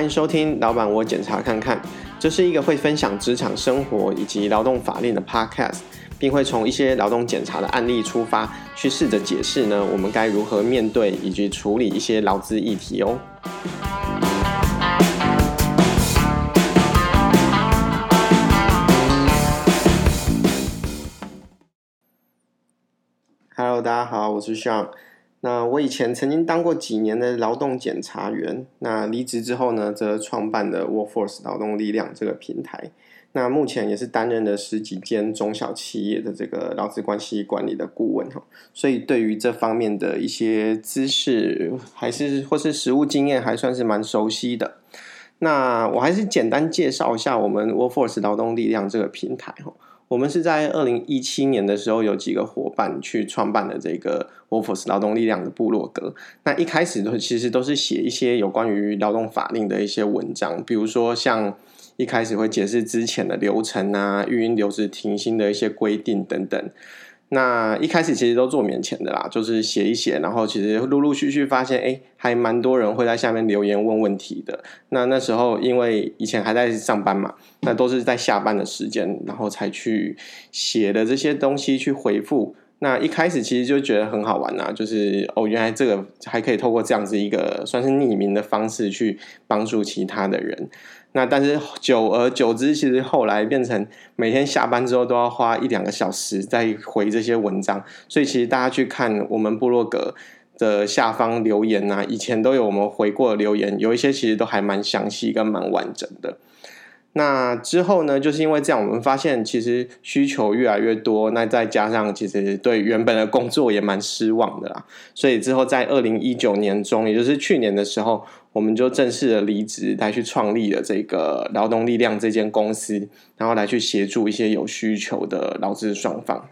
歡迎收聽《老闆，我檢查看看》，這是一個會分享職場生活以及勞動法令的 Podcast，並會從一些勞動檢查的案例出發，去試着解釋呢，我們該如何面對以及處理一些勞資議題哦。Hello，大家好，我是 Sean。那我以前曾經當過幾年的勞動檢查員，那離職之後呢，則創辦了 Workforce 勞動力量這個平台。那目前也是擔任了十幾間中小企業的這個勞資關係管理的顧問哈，所以對於這方面的一些知識，還是或是實務經驗，還算是蠻熟悉的。那我還是簡單介紹一下我們 Workforce 勞動力量這個平台哈。我們是在二零一七年的時候，有幾個夥伴去創辦了這個 Workforce 勞動力量的部落格。那一開始都其實都是寫一些有關於勞動法令的一些文章，比如說像一開始會解釋之前的流程啊、育嬰留職停薪的一些規定等等。那一開始其實都做免錢的啦，就是寫一寫，然後其實陸陸續續發現，哎、欸，還蠻多人會在下面留言問問題的。那那時候因為以前還在上班嘛，那都是在下班的時間，然後才去寫的這些東西去回復。那一開始其實就覺得很好玩吶、啊，就是哦，原來這個還可以透過這樣子一個算是匿名的方式去幫助其他的人。那但是久而久之，其實後來變成每天下班之後都要花一兩個小時在回這些文章。所以其實大家去看我們部落格的下方留言吶、啊，以前都有我們回過的留言，有一些其實都還蠻詳細跟蠻完整的。那之後呢，就是因為這樣，我們發現其實需求越來越多。那再加上，其實對原本的工作也蠻失望的啦。所以之後，在二零一九年中，也就是去年的時候，我們就正式的離職，來去創立了這個勞動力量這間公司，然後來去協助一些有需求的勞資雙方。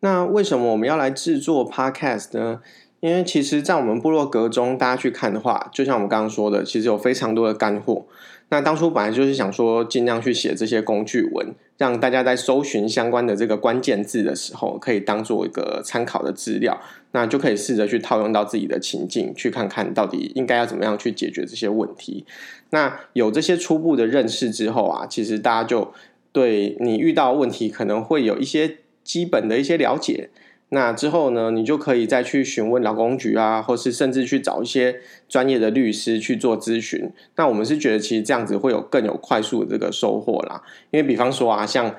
那為什麼我們要來制作 Podcast 呢？因為其實在我們部落格中，大家去看的話，就像我們剛剛說的，其實有非常多的乾貨。那當初本來就是想說，盡量去寫這些工具文，讓大家在搜尋相關的這個關鍵字的時候，可以當做一個參考的資料，那就可以試着去套用到自己的情境，去看看到底應該要怎麼樣去解決這些問題。那有這些初步的認識之後啊，其實大家就對你遇到問題可能會有一些基本的一些了解。那之後呢，你就可以再去詢問勞工局啊，或是甚至去找一些專業的律師去做諮詢。那我們是覺得，其實這樣子會有更有快速的這個收穫啦。因為比方說啊，像。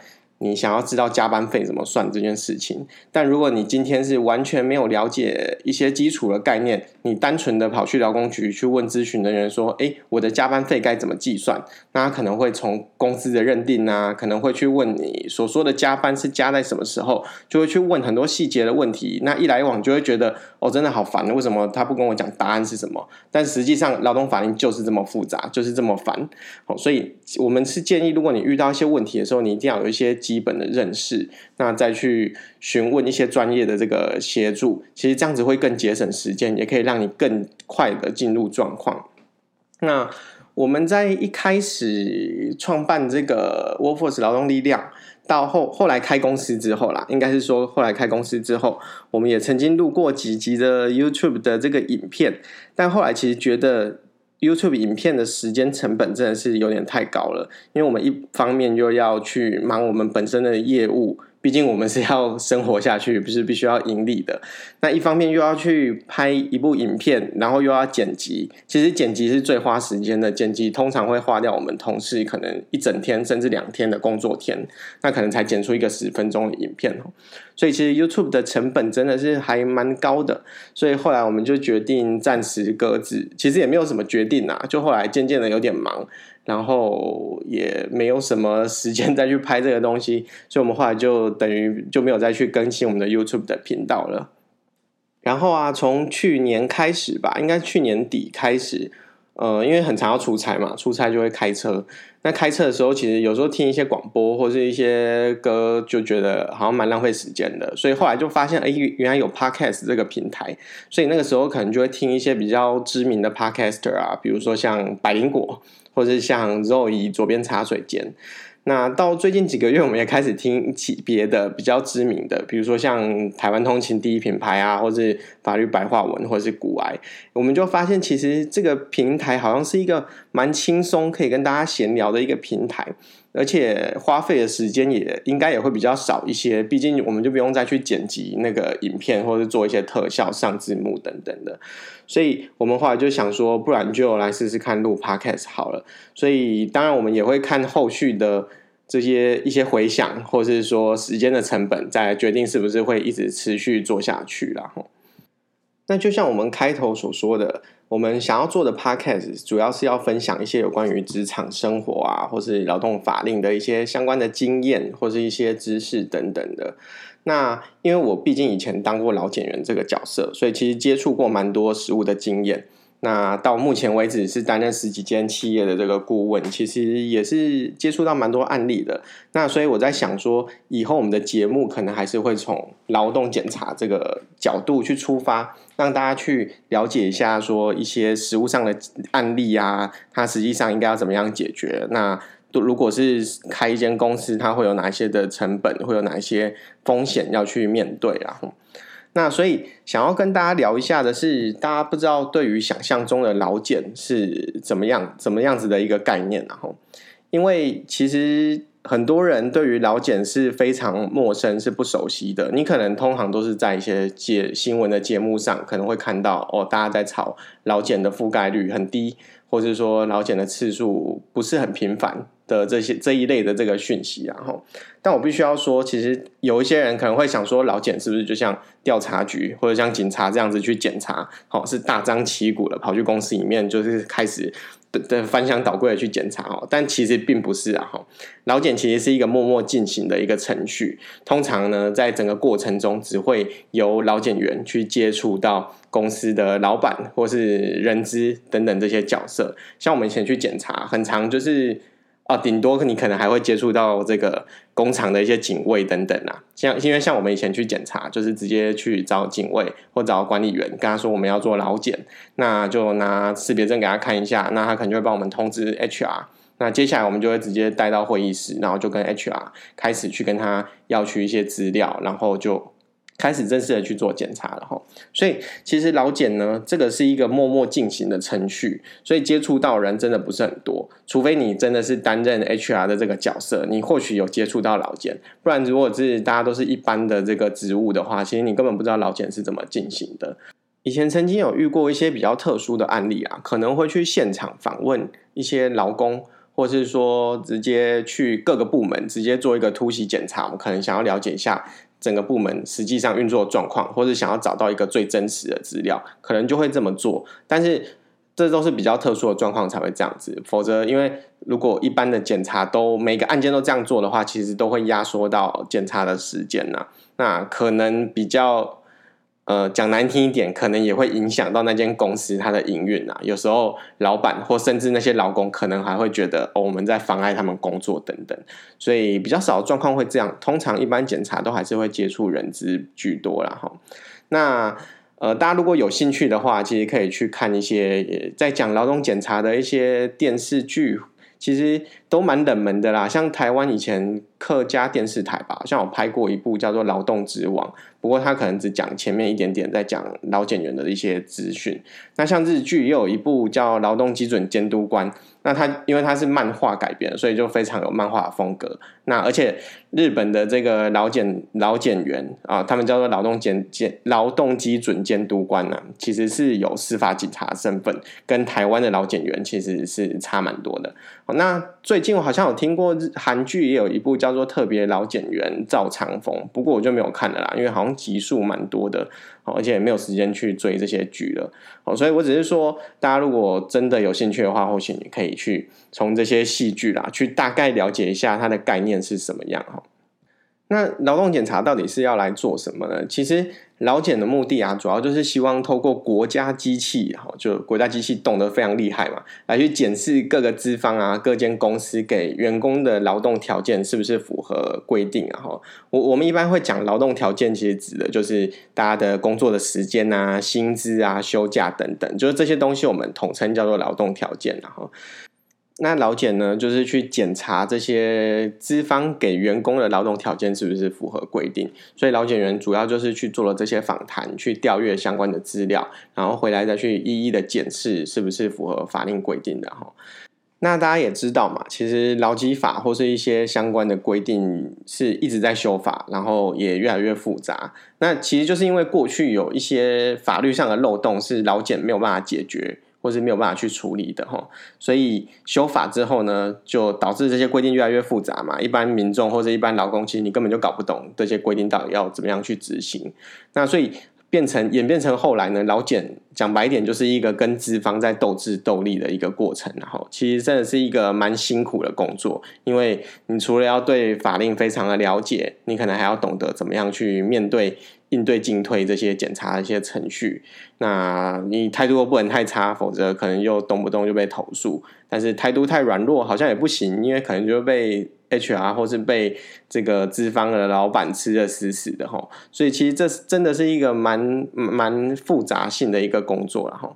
你想要知道加班費怎麼算這件事情，但如果你今天是完全沒有了解一些基礎的概念，你單純的跑去勞工局去問諮詢的人員說：“誒，我的加班費該怎麼計算？”那他可能會從公司的認定啊，可能會去問你所說的加班是加在什麼時候，就會去問很多細節的問題。那一來一往，就會覺得哦，真的好煩！為什麼他不跟我講答案是什麼？但實際上，勞動法令就是這麼複雜，就是這麼煩。好，所以我們是建議，如果你遇到一些問題的時候，你一定要有一些基基本的認識，那再去詢問一些專業的這個協助，其實這樣子會更節省時間，也可以讓你更快的進入狀況。那我們在一開始創辦這個 Workforce 勞動力量，到後後來開公司之後啦，應該是說後來開公司之後，我們也曾經錄過幾集的 YouTube 的這個影片，但後來其實覺得，YouTube 影片的時間成本真的是有點太高了，因為我們一方面又要去忙我們本身的業務，畢竟我們是要生活下去，不是必須要盈利的。那一方面又要去拍一部影片，然後又要剪輯。其實剪輯是最花時間的，剪輯通常會花掉我們同事可能一整天甚至兩天的工作天，那可能才剪出一個十分鐘的影片哦。所以其實 YouTube 的成本真的是還蠻高的，所以後來我們就決定暫時擱置，其實也沒有什麼決定啊，就後來漸漸的有點忙，然後也沒有什麼時間再去拍這個東西，所以我們後來就等於就沒有再去更新我們的 YouTube 的頻道了。然後啊，從去年開始吧，應該去年底開始。呃，因為很常要出差嘛，出差就會開車。那開車的時候，其實有時候聽一些廣播或者是一些歌，就覺得好像蠻浪費時間的。所以後來就發現，哎、欸，原來有 Podcast 這個平台。所以那個時候可能就會聽一些比較知名的 Podcaster 啊，比如說像百靈果，或者像 Zoe 左邊茶水間。那到最近幾個月，我們也開始聽起別的比較知名的，比如說像台灣通勤第一品牌啊，或是法律白話文，或是股癌。我們就發現其實這個平台好像是一個蠻輕鬆可以跟大家閒聊的一個平台。而且花費的時間也應該也會比較少一些，畢竟我們就不用再去剪輯那個影片，或者是做一些特效、上字幕等等的。所以，我們後來就想說，不然就來試試看錄 podcast 好了。所以，當然我們也會看後續的這些一些回想，或是說時間的成本，再決定是不是會一直持續做下去了。然後那就像我們開頭所說的。我們想要做的 podcast 主要是要分享一些有關於職場生活啊，或是勞動法令的一些相關的經驗，或是一些知識等等的。那因為我畢竟以前當過勞檢員這個角色，所以其實接觸過蠻多實務的經驗。那到目前為止是擔任十幾間企業的這個顧問，其實也是接觸到蠻多案例的。那所以我在想說，以後我們的節目可能還是會從勞動檢查這個角度去出發，讓大家去了解一下說一些實務上的案例啊，它實際上應該要怎麼樣解決。那如果是開一間公司，它會有哪些的成本，會有哪些風險要去面對啊。那所以想要跟大家聊一下的是，大家不知道對於想象中的勞檢是怎麼樣、怎麼樣子的一個概念，然後，因為其實。很多人對於勞檢是非常陌生，是不熟悉的。你可能通常都是在一些節新聞的節目上，可能會看到哦，大家在吵勞檢的覆蓋率很低，或者是說勞檢的次數不是很頻繁的這些這一類的這個訊息啊。然後，但我必須要說，其實有一些人可能會想說，勞檢是不是就像調查局或者像警察這樣子去檢查？好，是大張旗鼓的跑去公司裡面，就是開始。的翻箱倒櫃的去檢查哦，但其實並不是啊哈。勞檢其實是一個默默進行的一個程序，通常呢，在整個過程中只會由勞檢員去接觸到公司的老闆或是人資等等這些角色。像我們以前去檢查，很常就是。啊，頂多你可能還會接觸到這個工廠的一些警衛等等啊，像因為像我們以前去檢查，就是直接去找警衛或找管理員，跟他說我們要做勞檢，那就拿識別證給他看一下，那他可能就會幫我們通知 HR，那接下來我們就會直接帶到會議室，然後就跟 HR 開始去跟他要取一些資料，然後就。開始正式的去做檢查了齁，所以其實勞檢呢，這個是一個默默進行的程序，所以接觸到人真的不是很多。除非你真的是擔任 HR 的這個角色，你或許有接觸到勞檢。不然如果是大家都是一般的這個職務的話，其實你根本不知道勞檢是怎麼進行的。以前曾經有遇過一些比較特殊的案例啊，可能會去現場訪問一些勞工，或是說直接去各個部門直接做一個突襲檢查，我可能想要了解一下。整個部門實際上運作的狀況，或是想要找到一個最真實的資料，可能就會這麼做。但是這都是比較特殊的狀況才會這樣子，否則因為如果一般的檢查都每個案件都這樣做的話，其實都會壓縮到檢查的時間吶。那可能比較。呃，講難聽一點，可能也會影響到那間公司它的營運啊。有時候老闆或甚至那些勞工，可能還會覺得，哦，我們在妨礙他們工作等等。所以比較少狀況會這樣。通常一般檢查都還是會接觸人資居多啦齁。那呃，大家如果有興趣的話，其實可以去看一些在講勞動檢查的一些電視劇。其實都蠻冷門的啦，像台灣以前客家電視台吧，像我拍過一部叫做《勞動之王》，不過他可能只講前面一點點，在講勞檢員的一些資訊。那像日劇，也有一部叫《勞動基準監督官》。那它因為它是漫畫改編，所以就非常有漫畫風格。那而且日本的這個勞檢勞檢員啊，他們叫做勞動檢監勞動基準監督官啊，其實是有司法警察身份，跟台灣的勞檢員其實是差蠻多的。哦，那最近我好像有聽過韓劇也有一部叫做《特別勞檢員》趙長風，不過我就沒有看了啦，因為好像集數蠻多的，而且也沒有時間去追這些劇了。哦，所以我只是說，大家如果真的有興趣的話，或許你可以去從這些戲劇啦，去大概了解一下它的概念是什麼樣哈。那勞動檢查到底是要來做什麼呢？其實勞檢的目的啊，主要就是希望透過國家機器，哈，就國家機器動得非常厲害嘛，來去檢視各個資方啊、各間公司給員工的勞動條件是不是符合規定啊。哈，我我們一般會講勞動條件，其實指的就是大家的工作的時間啊、薪資啊、休假等等，就是這些東西我們統稱叫做勞動條件啊，然後。那勞檢呢，就是去檢查這些資方給員工的勞動條件是不是符合規定。所以勞檢員主要就是去做了這些訪談，去調閱相關的資料，然後回來再去一一的檢視是不是符合法令規定的哈。那大家也知道嘛，其實勞基法或是一些相關的規定是一直在修法，然後也越來越複雜。那其實就是因為過去有一些法律上的漏洞，是勞檢沒有辦法解決。或是沒有辦法去處理的哈，所以修法之後呢，就導致這些規定越來越複雜嘛。一般民眾或者一般勞工，其實你根本就搞不懂這些規定到底要怎麼樣去執行。那所以。變成演變成後來呢，勞檢講白一點就是一個跟資方在鬥智鬥力的一個過程，然後其實真的是一個蠻辛苦的工作，因為你除了要對法令非常的了解，你可能還要懂得怎麼樣去面對應對進退這些檢查的一些程序，那你態度不能太差，否則可能又動不動就被投訴，但是態度太軟弱好像也不行，因為可能就被。HR 或是被這個資方的老闆吃得死死的哈，所以其實這真的是一個蠻蠻複雜性的一個工作了哈。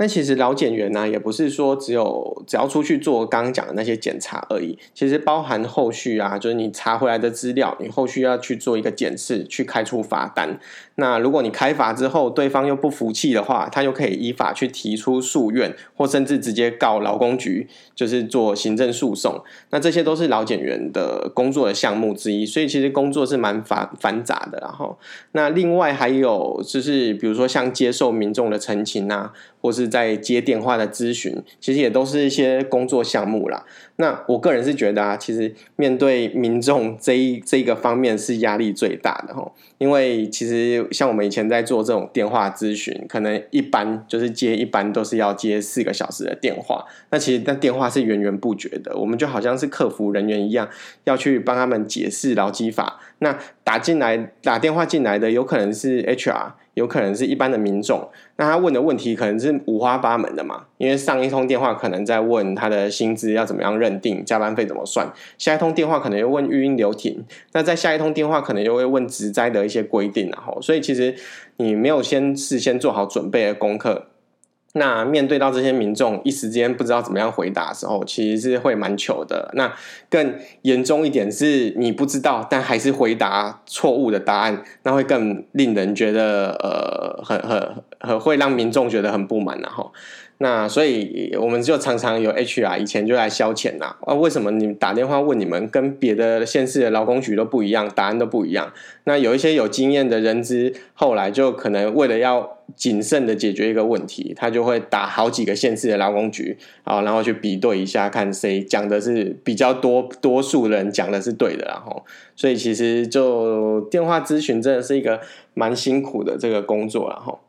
那其實老檢員呢、啊，也不是說只有只要出去做剛剛講的那些檢查而已，其實包含後續啊，就是你查回來的資料，你後續要去做一個檢視，去開出罰單。那如果你開罰之後，對方又不服氣的話，他又可以依法去提出訴願，或甚至直接告勞工局，就是做行政訴訟。那這些都是老檢員的工作的項目之一，所以其實工作是蠻繁繁雜的。然後，那另外還有就是，比如說像接受民眾的陳情啊，或是在接電話的諮詢，其實也都是一些工作項目啦。那我個人是覺得啊，其實面對民眾這一這一個方面是壓力最大的吼，因為其實像我們以前在做這種電話諮詢，可能一般就是接，一般都是要接四個小時的電話。那其實但電話是源源不絕的，我們就好像是客服人員一樣，要去幫他們解釋勞基法。那打進來打電話進來的，有可能是 HR，有可能是一般的民眾。那他問的問題可能是五花八門的嘛。因為上一通電話可能在問他的薪資要怎麼樣認定，加班費怎麼算；下一通電話可能又問育嬰留停，那再下一通電話可能又會問職災的一些規定，啊，然後所以其實你沒有先事先做好準備的功課，那面對到這些民眾，一時間不知道怎麼樣回答的時候，其實是會蠻糗的。那更嚴重一點是，你不知道，但還是回答錯誤的答案，那會更令人覺得呃，很很很會讓民眾覺得很不滿、啊，然後。那所以我們就常常有 HR 以前就來消遣啦啊，啊為什麼你打電話問你們跟別的縣市的勞工局都不一樣，答案都不一樣？那有一些有經驗的人資，後來就可能為了要謹慎的解決一個問題，他就會打好幾個縣市的勞工局啊，然後去比對一下，看誰講的是比較多多數人講的是對的啦，然後所以其實就電話諮詢真的是一個蠻辛苦的這個工作啦，然後。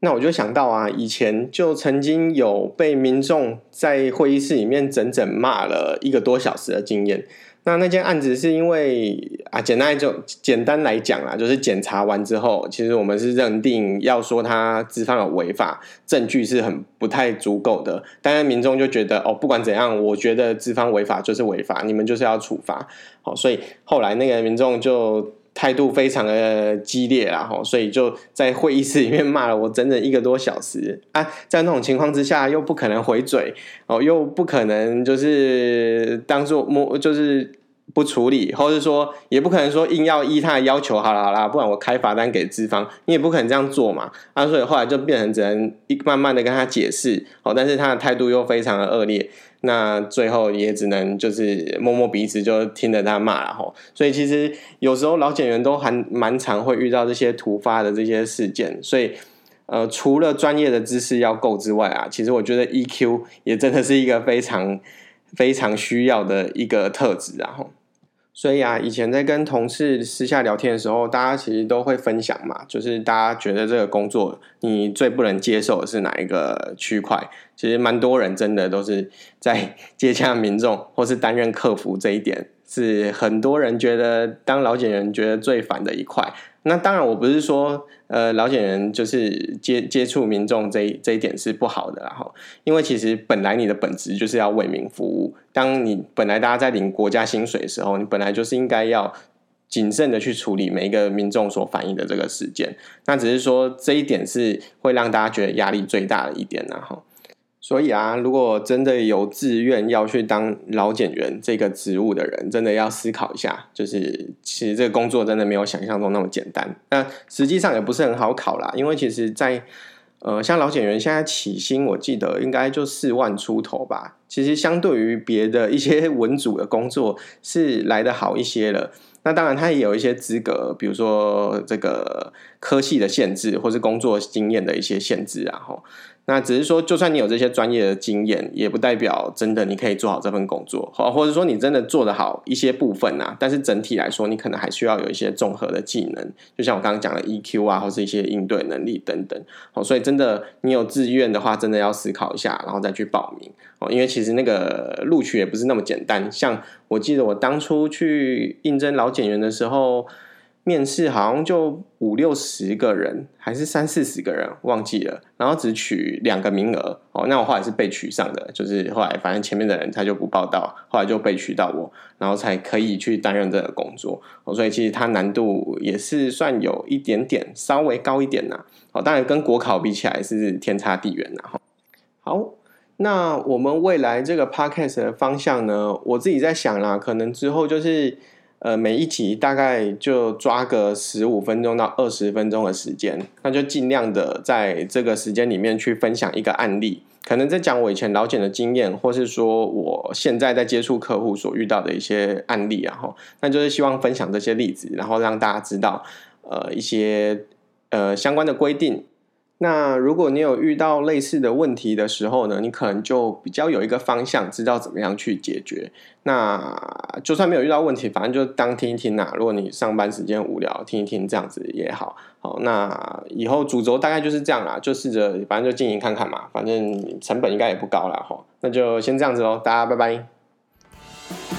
那我就想到啊，以前就曾經有被民眾在會議室裡面整整罵了一個多小時的經驗。那那件案子是因為啊，簡單就簡單來講啊，就是檢查完之後，其實我們是認定要說他資方有違法，證據是很不太足夠的。但是民眾就覺得哦，不管怎樣，我覺得資方違法就是違法，你們就是要處罰。好，所以後來那個民眾就，態度非常的激烈，然後所以就在會議室裡面罵了我整整一個多小時啊。在那種情況之下，又不可能回嘴哦，又不可能就是當做摸就是。不處理，或是說也不可能說硬要依他的要求，好了好了，不然我開罰單給資方，你也不可能這樣做嘛。啊，所以後來就變成只能一慢慢的跟他解釋，好，但是他的態度又非常的惡劣，那最後也只能就是摸摸鼻子就聽着他罵然後。所以其實有時候勞檢員都還蠻常會遇到這些突發的這些事件，所以呃，除了專業的知識要夠之外啊，其實我覺得 E Q 也真的是一個非常非常需要的一個特質、啊，然後。所以啊，以前在跟同事私下聊天的時候，大家其實都會分享嘛，就是大家覺得這個工作你最不能接受的是哪一個區塊？其實蠻多人真的都是在接洽民眾或是擔任客服這一點。是很多人覺得，當勞檢員覺得最煩的一塊。那當然，我不是說，呃，勞檢員就是接接觸民眾這一這一點是不好的，然後，因為其實本來你的本職就是要為民服務。當你本來大家在領國家薪水的時候，你本來就是應該要謹慎的去處理每一個民眾所反映的這個事件。那只是說，這一點是會讓大家覺得壓力最大的一點，然後。所以啊，如果真的有志願要去當勞檢員這個職務的人，真的要思考一下，就是其實這個工作真的沒有想象中那麼簡單。但實際上也不是很好考啦，因為其實在，在呃，像勞檢員現在起薪，我記得應該就四萬出頭吧。其實相對於別的一些文組的工作，是來得好一些了。那當然，他也有一些資格，比如說這個科系的限制，或是工作經驗的一些限制，啊，然後。那只是說，就算你有這些專業的經驗，也不代表真的你可以做好這份工作，哦，或者說你真的做得好一些部分啊，但是整體來說，你可能還需要有一些綜合的技能，就像我剛剛講的 EQ 啊，或是一些應對能力等等，哦，所以真的你有志願的話，真的要思考一下，然後再去報名哦。因為其實那個錄取也不是那麼簡單，像我記得我當初去應徵勞檢員的時候，面試好像就五六十個人，還是三四十個人，忘記了。然後只取兩個名額，哦，那我後來是被取上的，就是後來反正前面的人他就不報到，後來就被取到我，然後才可以去擔任這個工作。所以其實它難度也是算有一點點，稍微高一點吶。哦，當然跟國考比起來是天差地遠啦。好，那我們未來這個 podcast 的方向呢，我自己在想了，可能之後就是。呃，每一集大概就抓個十五分鐘到二十分鐘的時間，那就盡量的在這個時間裡面去分享一個案例，可能在講我以前勞檢的經驗，或是說我現在在接觸客戶所遇到的一些案例啊，吼，那就是希望分享這些例子，然後讓大家知道，呃，一些呃相關的規定。那如果你有遇到類似的問題的時候呢，你可能就比較有一個方向，知道怎麼樣去解決。那就算沒有遇到問題，反正就當聽一聽啦、啊。如果你上班時間無聊聽一聽這樣子也好。好，那以後主軸大概就是這樣啦，就試着反正就經營看看嘛，反正成本應該也不高啦。齁。那就先這樣子嘍，大家拜拜。